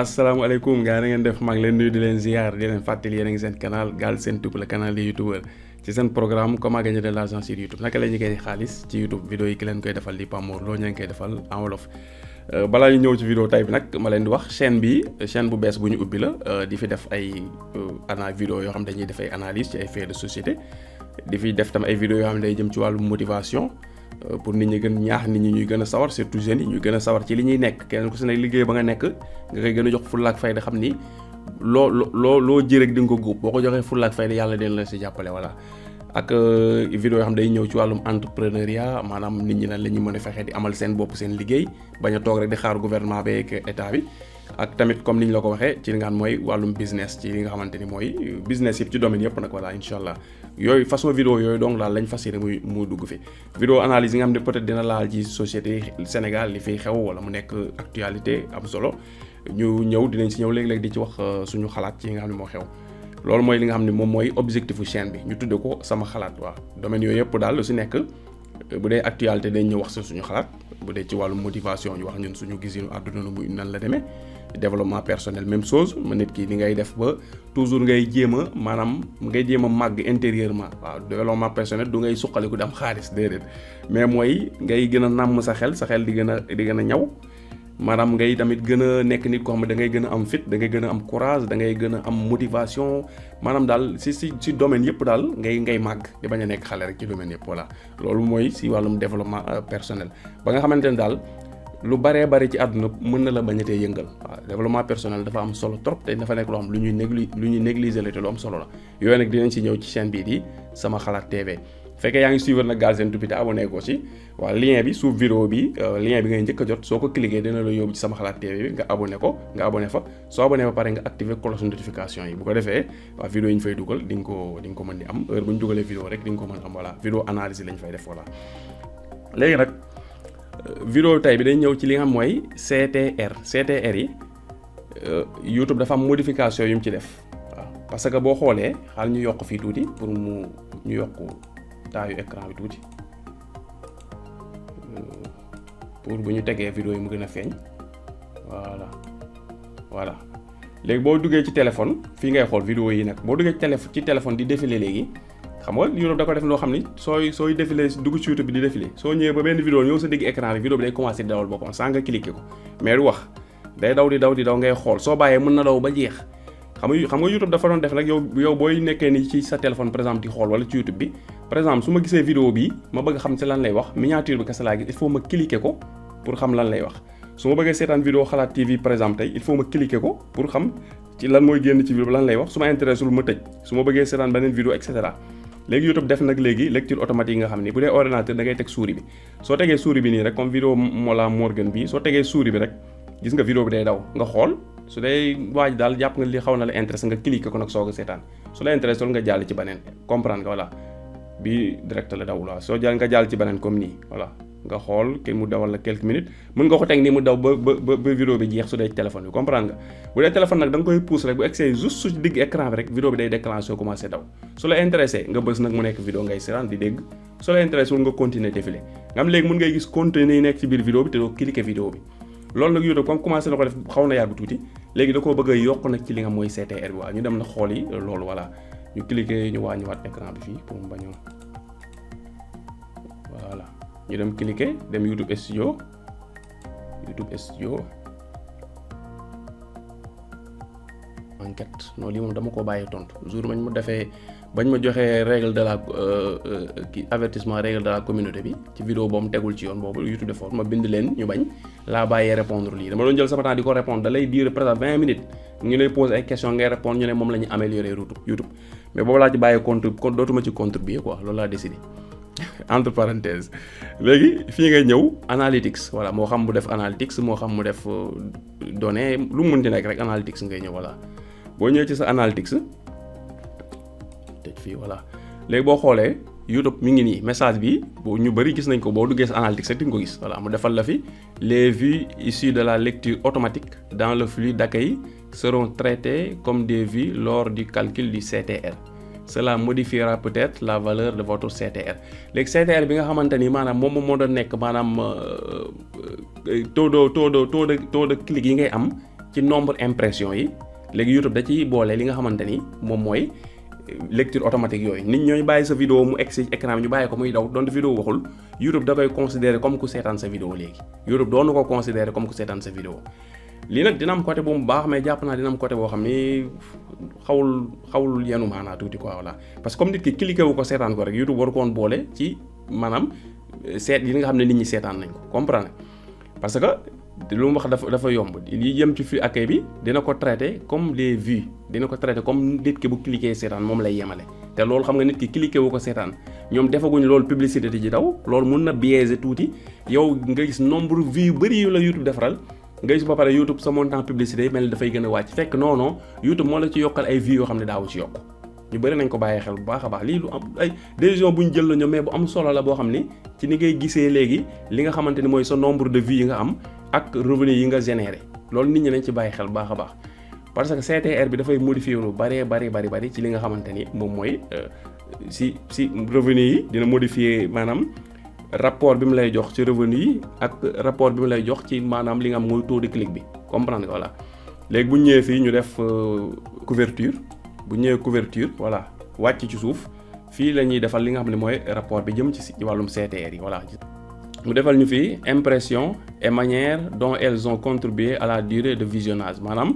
asalaamaaleykum gars yi na ngeen def maa leen nuyu di leen ziar di leen fàttali yéen a ngi seen canal Galsen Tube la canal des ci seen programme comment gagner de l'argent sur youtube naka la ñuy gagner xaalis ci youtube vidéo yi koy defal di Pamour loo ñu koy defal en euh, ñu ñëw ci vidéo tey bi nag ma leen di wax chaîne bi chaîne bu bees bu ñu ubbi la euh, di fi def ay euh, ana vidéo yoo xam ne dañuy def ay analyse ci ay faits de société di fi def tam ay vidéo yoo xam ne day jëm ci wàllu motivation Euh, pour nit ñi gën ñaax nit ñi ñuy gën a sawar surtout jeunes yi ñuy gën a sawar ci li ñuy nekk kenn ku si nekk liggéey ba nga nekk nga koy gën a jox fulla ak fayda xam ni loo loo loo ji rek di nga ko góob boo ko joxee fulla ak fayda yàlla dina la si jàppale voilà. ak euh, vidéo yoo xam day ñëw ci wàllum entrepreneuriat maanaam nit ñi nan la ñuy mën a fexe di amal seen bopp seen liggéey bañ a toog rek di xaar gouvernement beeg état bi. ak tamit comme ni ñu la ko waxee ci li nga xam mooy wàllum business ci li nga xamante ni mooy business yëpp ci domaine yëpp nag voilà incha allah yooyu façon vidéo yooyu donc daal lañ fas yéene muy mu dugg fi ne peut-être dina laal ci société Sénégal li fiy xew wala mu nekk actualité am solo ñu ñëw dinañ si ñëw léeg-léeg di ci wax euh, suñu xalaat ci nga xam ne moo xew loolu mooy li nga xam ne moom mooy objectifu chaîne bi ñu tudde ko sama xalaat waa domaine yooyu yëpp daal lu si nekk bu dee actualité dañ ñëw wax si suñu xalaat bu dee ci wàllu motivation ñu wax ñun suñu gisinu àdduna lu muy nan la demee développement personnel même chose ma nit ki ni ngay def ba toujours ngay jéem a maanaam ngay jéem a màgg intérieurement waaw développement personnel du ngay suqaliku di am xaalis déedéet mais mooy ngay gën a nàmm sa xel sa xel di gën a di gën a ñaw maanaam ngay tamit gën a nekk nit koo xam ne da ngay gën a am fit da ngay gën a am courage da ngay gën a am motivation maanaam daal si si si domaine yëpp daal ngay ngay màgg di bañ a nekk xale rek ci domaine yëpp voilà loolu mooy si wàllum développement euh, personnel ba nga xamante ne daal lu baree bari ci àdduna mën na la bañ tee yëngal waaw développement personnel dafa am solo trop te dafa nekk loo xam lu ñuy négli lu ñuy négliger la te lu am solo la yooyu nag dinañ si ñëw ci chaîne bii di sama xalaat TV fekkee yaa ngi suivre nag Galsen Tube te abonné ko ci waaw lien bi suuf vidéo bi euh, lien bi ngay njëkk jot soo ko cliquer dina la yóbbu ci sama xalaat TV bi nga abonné ko nga abonné fa soo abonné ba pare nga activer cloche notification yi bu ko defee waaw vidéo yi ñu fay dugal di ko di nga ko mën di am heure bu ñu dugalee vidéo rek di nga ko mën am voilà vidéo analyse lañ fay def voilà léegi nag euh, vidéo tey bi dañ ñëw ci li nga xam mooy CTR CTR yi euh, YouTube dafa am modification yu mu ci def waaw parce que boo xoolee xaal ñu yokk fii tuuti pour mu ñu yokk taayu écran bi tuuti euh, pour bu ñu tegee vidéo yi mu gën a feeñ voilà voilà léegi boo duggee ci téléphone fii ngay xool vidéo yi nag boo duggee ci téléphone ci téléphone di défilé léegi xam nga YouTube da ko def loo xam ni sooy sooy défilé dugg ci YouTube bi di défilé soo ñëwee ba benn vidéo ñëw sa digg écran bi vidéo bi day commencé di dawal boppam sans nga cliqué ko mais du wax day daw di daw di daw ngay xool soo bàyyee mën na daw ba jeex xam nga xam nga YouTube dafa doon def rek yow yow booy nekkee ni ci sa téléphone par exemple di xool wala ci YouTube bi par su ma gisee vidéo bii ma bëgg xam ci lan lay wax miniature bi kese laa gis il faut ma cliquer ko lay wax su ma bëggee seetaan vidéo xalaat TV par exemple tey il faut ko pour xam ci lan mooy génn lay wax su ma intéressul ma tëj su ma bëggee seetaan beneen vidéo et cetera léegi YouTube def nag léegi lecture yi nga xam ni bu dee ordinateur da teg souris bi soo tegee souris bi nii rek comme vidéo Mollah Morgun bii soo tegee souris rek gis nga vidéo bi day daw nga xool su dee waa daal jàpp nga li xaw na la intéressé nga cliqué ko nag soog a seetaan su la intéressé nga jàll ci beneen comprendre nga voilà bi direct la dawul waaw soo jàll nga jàll ci beneen comme nii voilà nga xool kenn mu dawal la mën nga ko teg nii mu daw ba bi jeex su dee téléphone bi comprendre nga bu dee téléphone nag da nga koy pousse rek bu egsee juste su digg écran bi rek vidéo bi day déclenché commencé daw su la intéressé nga bës nag mu nekk vidéo ngay seetaan di dégg su la intéressé wul nga continuer défilé nga am léegi mën ngay gis continuer yi nekk biir vidéo bi te doo cliquer vidéo na ko def xaw na yàgg tuuti léegi da koo bëgg a yokk nag ci li nga mooy CTR bi ñu dem na xool yi loolu voilà ñu cliquer ñu wàññiwaat écran bi fii pour mu bañ voilà ñu dem cliquer dem YouTube Studio YouTube Studio enquête non lii moom dama ko bàyyee tontu jour mañ mu defee. bañ ma joxee règle de la euh, euh, kii avertissement règle de la communauté bi ci vidéo boobu tegul ci yoon boobu YouTube defoon ma bind leen ñu bañ laa bàyyee répondre lii dama doon jël sama temps di ko répondre da lay diir vingt minutes ñu lay poser ay question ngay répondre ñu ne moom la ñu améliorer YouTube YouTube mais boobu laa ci bàyyee contre dootuma ci contribuer quoi loolu laa décidé entre parenthèse léegi fii ngay ñëw analytics voilà moo xam mu def analytics moo xam mu def euh, données lu mu munti nekk rek analytics ngay ñëw voilà boo ñëwee ci sa analytics fii voilà léegi boo xoolee YouTube mu ngi nii message bi boo ñu bëri gis nañ ko boo duggee sa analytics rek di nga ko gis voilà mu defal la fi les vues issues de la lecture automatique dans le flux d'accueil seron traité comme des vues lors du calcule du CTR cela modifiera peut-être la valeur de votre CTR léegi CTR bi nga xamante ni maanaam moom moo doon nekk maanaam euh, euh, taux de taux de taux de taux de clic yi ngay am ci nombre impression yi léegi YouTube da ciy boole li nga xamante ni moom mooy. lecture automatique yooyu nit ñooy bàyyi sa vidéo mu egg si écran bi ñu bàyyi ko muy daw donte vidéo waxul YouTube da koy considérer comme ku seetaan sa vidéo léegi YouTube doonu ko considérer comme ku seetaan sa vidéo lii nag dina am côté naa dina am côté boo que comme nit ki cliqué wu ko seetaan ko rek YouTube waru ko woon boole ci maanaam seet yi nga xam ne nit ñi seetaan nañ ko comprendre parce que lu mu wax dafa dafa yomb li jëm ci flux accueil bi dina ko traité comme des vues dina ko traité comme nit ki bu cliqué seetaan moom lay yemale te loolu xam nga nit ki cliqué wu ko seetaan ñoom defaguñ loolu publicité di ci daw loolu mun na biaiser tuuti yow nga gis nombre vues yu bëri yu la YouTube defaral nga gis ba pare YouTube sa montant publicité yi mel ni dafay gën a wàcc fekk non non YouTube moo la ci yokkal ay vie yoo xam ne daawu ci yokk ñu bëri nañ ko bàyyi xel bu baax a baax lii lu am ay décision bu ñu jël la ñoom mais bu am solo la boo xam ni ci ni ngay gisee léegi li nga xamante ni mooy sa nombre de vie yi nga am ak revenu yi nga généré loolu nit ñi nañ ci bàyyi xel bu baax a baax parce que CTR bi dafay modifié lu bëree bëri bëri bëri ci li nga xamante ni moom mooy euh, si si revenu yi dina modifié maanaam rapport bi mu lay jox ci revenu yi ak rapport bi mu lay jox ci maanaam li nga am mooy taux de clic bi comprendre nga léegi bu ñëwee fii ñu def euh, couverture bu ñëwee couverture voilà wàcc ci suuf fii la ñuy defal li nga xam ne mooy rapport bi jëm ci ci wàllum CTR yi voilà. mu defal ñu fi impression et manière dont elles ont contribué à la durée de visionnage maanaam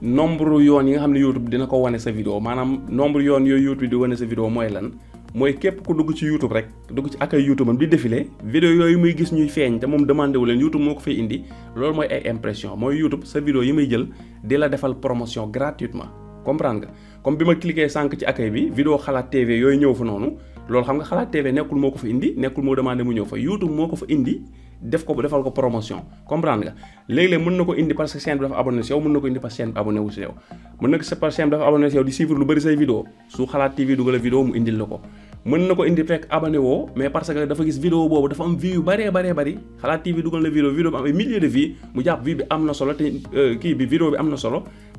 nombre yoon yi nga xam ne YouTube dina ko wane sa vidéo maanaam nombre yoon yooyu YouTube di wane sa vidéo mooy lan. mooy képp ku dugg ci YouTube rek dugg ci accueil YouTube am di défilé vidéo yooyu muy gis ñuy feeñ te moom demandé wu leen YouTube moo ko fay indi loolu mooy ay impression mooy YouTube sa yi muy jël di la defal promotion gratuitement comprendre comme bi ma cliqué sànq ci accueil bi vidéo xalaat TV yooyu ñëw fa noonu loolu xam nga xalaat TV nekkul moo ko fa indi nekkul moo demandé mu ñëw fa YouTube moo ko fa indi def ko defal ko promotion comprendre nga léeg-léeg mën na ko indi parce que chaîne bi dafa abonné si yow ko indi parce que par di suivre lu bëri say vidéo su xalaat TV dugal vidéo mu indil la ko mën na ko indi fekk abonné mais parce que dafa gis vidéo boobu dafa am view yu bëree bëree bëri xalaat TV dugal na vidéo vidéo bi bi am na solo te euh,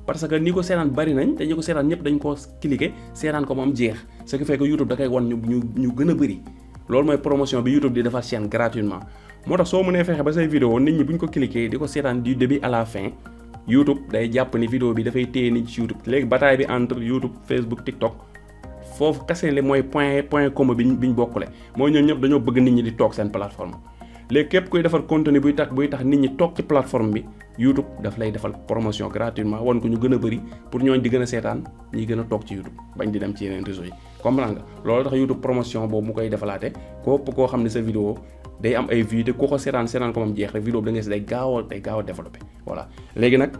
parce que ni ko seetaan bari nañ te ñi ko seetaan ñëpp dañ koo cliquer seetaan ko moom jeex ce qui fait YouTube da wan ñu ñu gën a bëri loolu mooy promotion bi YouTube di defar chaîne gratuitement moo tax soo mënee fexe ba say vidéo nit ñi bu ko cliquer di ko seetaan du début à fin YouTube day jàpp ni vidéo bi dafay téye nit ci YouTube léegi bataille bi entre YouTube Facebook TikTok foofu kese la mooy point point commun bi bi ñu bokkule mooy ñoom ñëpp dañoo bëgg nit ñi di toog seen plateforme léegi képp kuy defar contenu buy tax nit ñi toog ci bi YouTube daf lay defal promotion gratuitement wan ko ñu gën a bëri pour ñooñ di gën a seetaan ñiy gën a toog ci YouTube bañ di dem ci yeneen réseau yi comprendre nga loolu tax YouTube promotion boobu mu koy defalaate képp koo xam ne sa vidéo day am ay vues te ku ko seetaan seetaan ko moom jeex rek vidéo bi da ngay si day gaaw a day gaaw a développé voilà léegi nag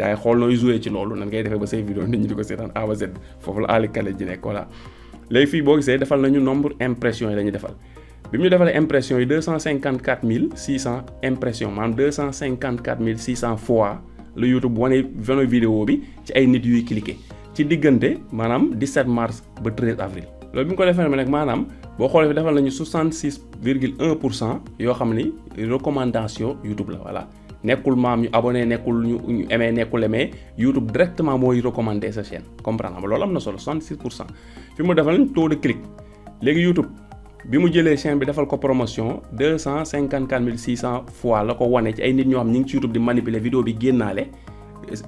daay xool nooy joué ci loolu nan ngay defee ba say vidéo nit ñi di ko seetaan A ba Z foofu la Ali Kale ji nekk voilà léegi la ñu defal bi mu ñu defalee impression yi deux cent cinquante quatre mille six cent impression maanaam deux cent cinquante quatre mille six cent fois la YouTube wane veno vidéo bi ci ay nit yuy cliquer ci diggante maanaam 17 mars ba 13 avril. loolu bi mu ko defee nag maanaam boo xoolee fi defal nañu 66 virgule 1 pour cent yoo xam ni recommandation YouTube la voilà nekkul maam ñu abonné nekkul ñu ñu aimé nekkul aimé YouTube directement mooy recommander sa chaîne comprendre nga loolu am na solo 66 pour cent fi mu defal nañ taux de léegi YouTube. bi mu jëlee chaîne bi defal ko promotion deux cent cinquante quatre mille six cent fois la ko wane ci ay nit ñoo xam ñu ngi ci YouTube di manipuler vidéo bi génnaale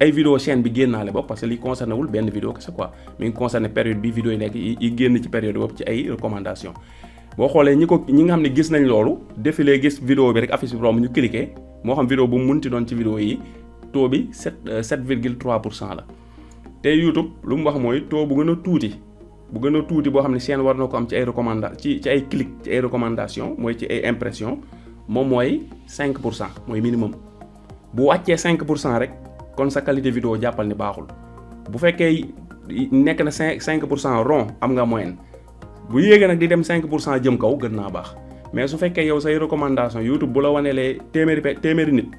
ay vidéo chaîne bi génnaale bopp parce que li concerné wul benn vidéo kese quoi mi ngi concerné période bi vidéo yi nekk yi génn ci période boobu ci ay recommandation boo xoolee ñi ko ñi nga xam ne gis nañ loolu défilé gis vidéo bi rek affiche bi romb ñu cliqué moo xam vidéo bu mu munti doon ci vidéo yi taux bi sept euh, sept virgule trois pour cent la te YouTube lu mu wax mooy taux bu gën a tuuti bu gën a tuuti boo xam ne seen war na ko am ci ay recommanda ci ci ay clic ci ay recommandation mooy ci ay impression moom mooy cinq pour cent mooy minimum bu wàccee cinq pour cent rek kon sa qualité vidéo jàppal ni baaxul bu fekkee nekk na 5 5 pour cent rond am nga moyenne bu yéegee nag di dem 5 pour cent jëm kaw gën naa baax mais su fekkee yow say recommandation YouTube bu la wanelee téeméeri téeméeri nit.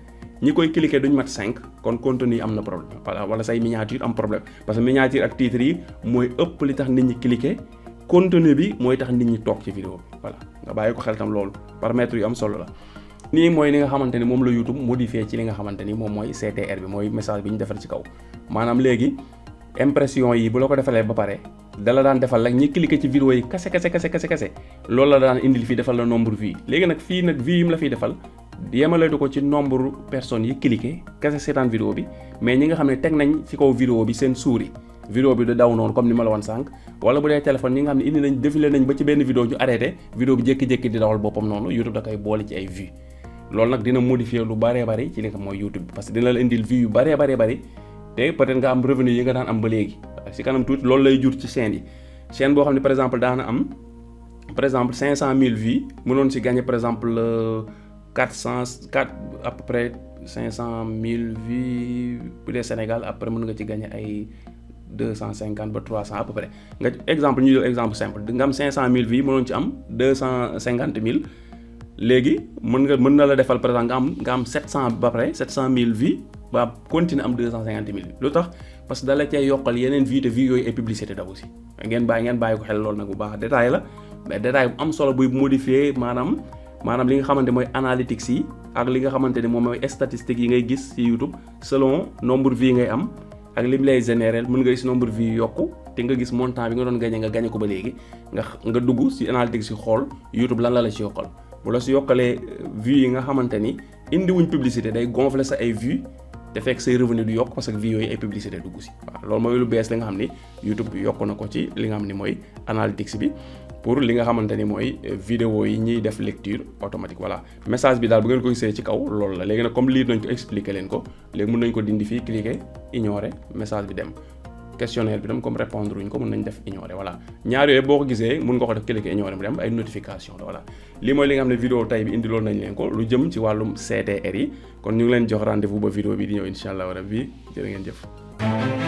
ñi koy cliquer duñ mat cinq kon contenu yi am na problème wala say miniature am problème parce que miniature ak titre yi mooy ëpp li tax nit ñi cliquer contenu bi mooy tax nit ñi toog ci vidéo bi voilà nga bàyyi ko xel tam loolu paramètres yu am solo la. nii mooy li nga xamante ni moom la YouTube modifié ci li nga xamante ni moom mooy CTR bi mooy message bi ñu defar ci kaw maanaam léegi impression yi bu la ko defalee ba pare. dala daan defal rek ñi cliqué ci vidéo yi kase kase kase kase kase loolu la daan indil fii defal la nombre vie léegi nag fii nag vie la fiy defal yemalatu ko ci nombre personnes yi cliqué kese seetaan vidéo bi mais ñi nga xam ne teg nañ ci kaw vidéo bi seen souris vidéo bi du daw noonu comme ni ma la woon sànq wala bu dee téléphone ñi nga xam ne indi nañ défilé nañ ba ci benn vidéo ñu arrêté vidéo bi jékki-jékki di dawal boppam noonu YouTube da koy boole ci ay vues loolu nag dina modifier lu bëree bëri ci li nga mooy YouTube parce que dina la indil vues yu bëree bëree te peut nga am revenu yi nga daan am ba léegi si kanam tuuti loolu lay jur ci chaîne yi chaîne boo xam ne par exemple daana am par exemple 500000 vues mënoon quatre cent quatre à peu près cinq cent mille vues bu dee Sénégal après mën nga ci gagné ay deux cent cinquante ba trois cent à peu près nga exemple ñu jël exemple simple nga am cinq cent mille vues mënoon ci am deux cent cinquante mille léegi mën nga mën na la defal par exemple nga am nga am sept cent ba pare sept cent mille vues ba continuer am deux cent cinquante mille lu tax parce que da la cay yokkal yeneen vues te vues yooyu ay publicité da aussi ngeen bàyyi ngeen bàyyi ko xel loolu nag la maanaam. maanaam li nga xamante mooy analytics yi ak li nga xamante ne moom mooy statistiques yi ngay gis ci YouTube selon nombre vie ngay am ak lim lay générer mën nga gis nombre vie yokk te nga gis montant bi nga doon gagné nga gagné ko ba léegi nga nga dugg ci analytics yi xool YouTube lan la la ci yokkal bu la ci yokkalee euh, vue yi nga xamante ni indiwuñ publicité day gonfle sa ay vue te fekk say revenu du yokk parce que view yooyu ay publicité dugg ci waaw loolu mooy lu bees li nga xam ni YouTube bi ci li nga xam ni mooy analytics bi pour li nga xamante ni mooy euh, vidéo yi ñuy def lecture automatique voilà message bi daal bu ngeen ko gisee ci kaw loolu la léegi nag comme lire nañ ko expliquer leen ko léegi mën nañ ko dindi fii cliquer ignorer message bi dem questionnaire bi tam comme répondre wuñ ko mën nañ def ignorer voilà ñaar yooyu boo ko gisee mën nga ko def cliquer ignorer mu dem ay notification la voilà lii mooy li nga xam ne vidéo tey bi indi loolu nañ leen ko lu jëm ci wàllum CTR yi kon ñu ngi leen jox rendez bi di ñëw insha allah